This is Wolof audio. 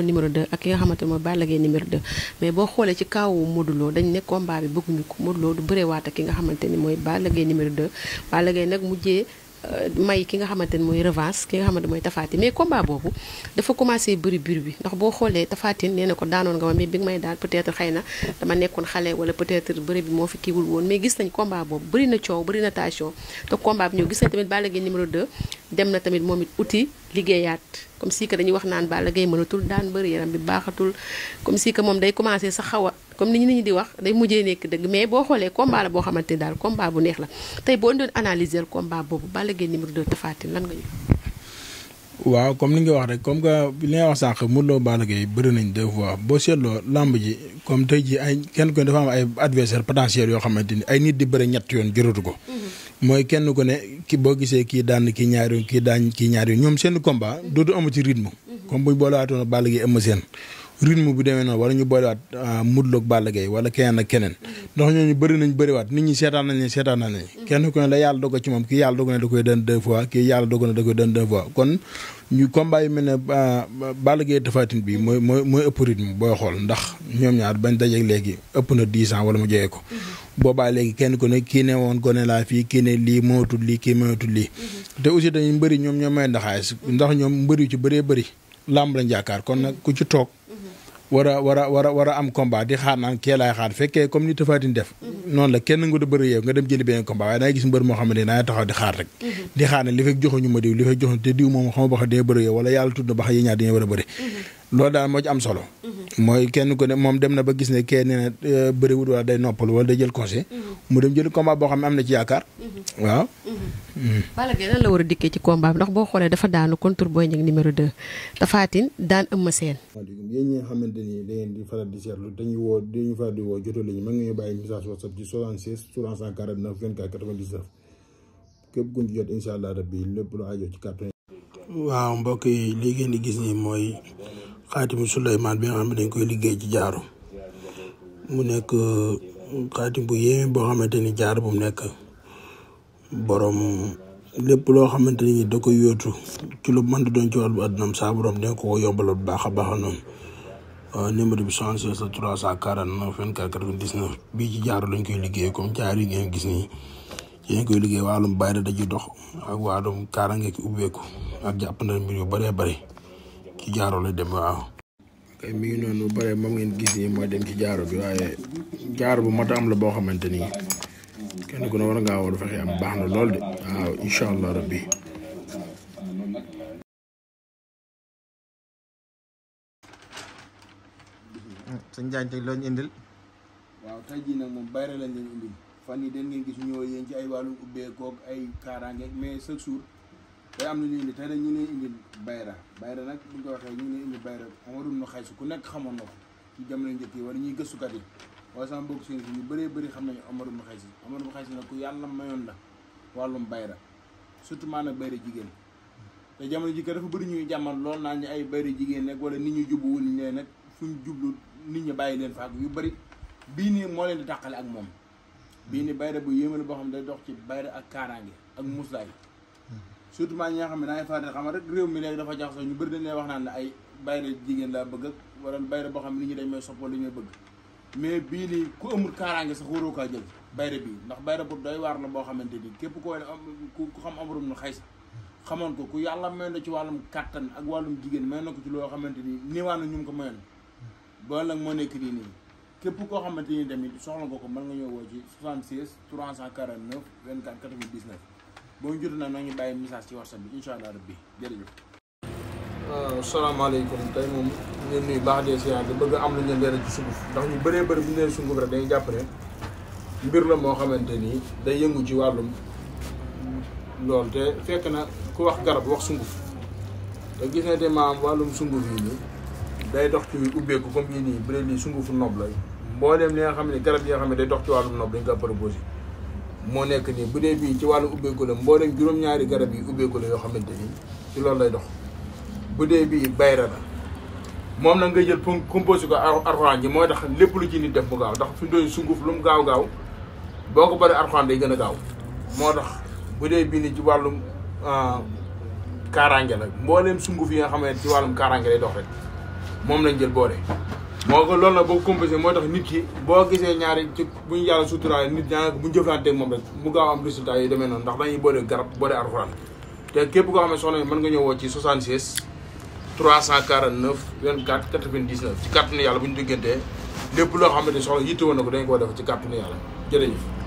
numéro 2 ak ki nga xamante mooy Balla Gaye numéro 2 mais boo xoolee ci kaawu Modou Lo dañ ne combat bi bëgguñu ko Modou Lo du bëreewaat ak ki nga xamante ni mooy Balla Gaye numéro 2 Balla Gaye nag mujjee euh, may ki nga xamante ni mooy revanche ki nga xamante mooy tafaati mais combat boobu dafa commencé bëri biir bi ndax boo xoolee tafaatin nee na ko daanoon nga ma mais bi nga may daal peut-être na dama nekkoon xale wala peut-être bi moo fi kiiwul woon mais gis nañ combat boobu bëri na coow bëri na tension te combat bi tamit Balla Gaye numéro 2 dem na tamit moom uti liggéeyaat comme si dañuy wax naan Balla Gaye mënatul daan bëri yaram bi baaxatul comme si que moom day commencé sa xaw a comme ni ñu nit ñi di wax day mujjee nekk dëgg mais boo xoolee combat la boo xamante ni daal combat bu neex la tey boo doon analyser combat boobu Balla Gaye numéro 2 Tapha lan nga ñu. waaw comme ni nga wax rek comme que li nga wax sànq Modou Lo Balla Gaye bëri nañ deux fois boo seetloo làmb ji comme tey ji ay kenn ku ne dafa am ay adversaire potentiel yoo xamante ni ay nit di bëri ñett yoon jëratu ko. Mm-hmm. mooy kenn ku ne ki boo gisee kii daan kii ñaar kii daan kii ñaar ñoom seen combat dootu amu ci rythme. Mhm. comme buñ boole waatoon Balla Gaye Eumeu Sène rythme bu demee noonu wala ñu boolewaat euh, Modou Lo ak Balla Gaye wala keneen ak keneen ndax nañ bëriwaat nit ñi seetaan nañ ne seetaan nañ ne mm-hmm. kenn ku ne la yàlla dogal ci moom ñu combat yi mel ne euh, Balla Gaye Tapha Tine bi mooy mooy mooy ëpp rythme xool ndax ñoom ñaar bañ dajeeg léegi ëpp na dix ans wala mu ko mm-hmm. boobaa léegi kenn ku ne kii ne woon gone laa fii kii ne lii mënatul lii kii mënatul lii mm-hmm. te aussi dañuy mbëri ñoom ñoo may ndaxaay ndax ñoom mbëri yu ci bëree bëri làmb lañ jaakaar kon nag ku ci toog war a war a war a war a am combat di xaar naan kee laay xaar fekkee comme ni Tapha def mhm. noonu la kenn nga da bëri yow nga dem jëli beneen combat mhm. mhm. na ba gis na euh, bëriwul wala day noppal wala day jël conseil mu dem jëli boo xam ne am na ci yaakaar waaw mm. Balla a dikkee ci combat bi ndax boo xoolee dafa daanu contre Boy Niang numéro 2 Tapha daan Eumeu Sène yéen ñi nga xamante ni da ngeen di faral di seetlu dañuy woo dañuy faral di woo jotoo lañu mën ngeen bàyyi message whatsapp ci 76 349 24 99 képp ku ñu ci jot incha allah rabbi lépp lu aajo ci kàttan. waaw mbokk yi li ngeen di gis nii mooy xaatimu Souleymane bi nga xam ne dañ koy liggéey ci jaaru mu nekk uh, xaatim bu yéeme boo xamante ni jaar bu mu nekk borom lépp loo xamante ni da koy yóotu ci lu mën di doon ci wàllu àddunam saa borom dina ko ko yombalal bu baax a baax noonu. numéro bi 76 la 349 24 99 bii ci jaaro lañ koy liggéey comme jaar yi ngeen gis nii ci lañ koy liggéey mu bàyyi da daji dox ak wàllum kaaraange ki ubbeeku ak jàpp na mbir yu bëree bëri ci jaaro lay dem waaw. kay mi ngi noonu bu bëree moom ngeen gis nii mooy dem ci jaaro bi waaye jaaro bu mat am la boo xamante ni kenn ku ne war ngaa war a fexe am baax na lool de waaw incha allah rabbi. sëñ Njaañ tey loo ñu indil. waaw tey jii nag moom bayre lañ leen indil fan yi den ngeen gis ñëw yéen ci ay wàllum ubbeekoog ay kaaraange mais chaque jour day am na ñu indi tey nag ñu ngi indil bayra bayra nag ko waxee ñu ngi indil bayra amarum na xay su ku nekk xamoon na ko ci jamono njëkk yi wala gëstukat yi wala sama bokk seen si ñu bëree bëri xam nañu amarum na xay si amarum xay si nag ku yàlla mayoon la wàllum bayra surtout maanaam bayra jigéen te jamono jikko dafa bëri ñuy jàmmal lool naa ñu ay bayra jigéen nag wala nit ñu jubbuwul ne nag fuñ jublu nit ñi bàyyi leen fa ak yu bari bii nii moo leen di tàqale ak moom bii nii bayra bu yéeme la boo xam ne day dox ci bayra ak kaaraange ak muslaay surtout maa ñi xam ne dangay faral xam rek réew mi léegi dafa jax sax ñu bëri dañ lay wax naan la ay bayra jigéen laa bëgg ak wala bayra boo xam ne nit ñi dañ may soppoo li bëgg mais bii nii ku amul kaaraange sax waroo kaa jël bayra bii ndax bayra bu doy waar la boo xamante ni képp ko ku xam amarum na xay sa xamoon ko ku yàlla may na ci wàllum kàttan ak wàllum jigéen may na ko ci loo xamante ni niwaanu ñu ko mayoon ba nag moo nekk nii nii képp koo xamante ni tamit soxla nga ko mën nga ñëw woo ci 76 349 24 99 boo ñu jot nag noo ñu bàyyi message ci whatsapp bi incha allah rabbi jërëjëf. waaw salaamaaleykum tey moom ñu nuyu baax de siyaar di bëgg am lu ñu leeral ci sunguf ndax ñu bëree bëri bu ñu nee sunguf rek dañuy jàpp ne mbir la moo xamante ni day yëngu ci wàllum loolu te fekk na ku wax garab wax sunguf te gis na te maam wàllum sunguf yi nii. day dox ci ubbeeku comme yii nii bu dee lii sungufu nob la mbooleem li nga xam ne garab yi nga xam ne day dox ci wàllum nob dañ ko proposé moo nekk nii bu dee bii ci wàllu ubbeeku la mbooleem juróom-ñaari garab yi ubbeeku la yoo xamante ni ci loolu lay dox bu dee bii bayra la moom nag nga jël pour composé ko arxuraan ji mooy tax lépp lu ci nit def mu gaaw ndax fi doon sunguf lu mu gaaw gaaw boo ko bari arxuraan day gën a gaaw moo tax bu dee ci wàllum ah, kaaraange la mbooleem sunguf yi nga xam ne ci wàllum kaaraange lay dox rek moom lañ jël boole. moo ko loolu nag boo composé moo tax nit ki boo gisee ñaari ci bu ñu yàlla suturaale nit ñaar bu ñu jëflanteeg moom rek mu gaaw am résultat yi demee noonu ndax dañuy boole garab boole arxuraan te képp koo xam ne soxna mën nga ñëw ñëwoo ci 76 349 24 99 ci kàttanu yàlla bu ñu diggantee lépp loo xamante ne soxla yitte woon na ko dañ koo def ci kàttanu yàlla jërëjëf.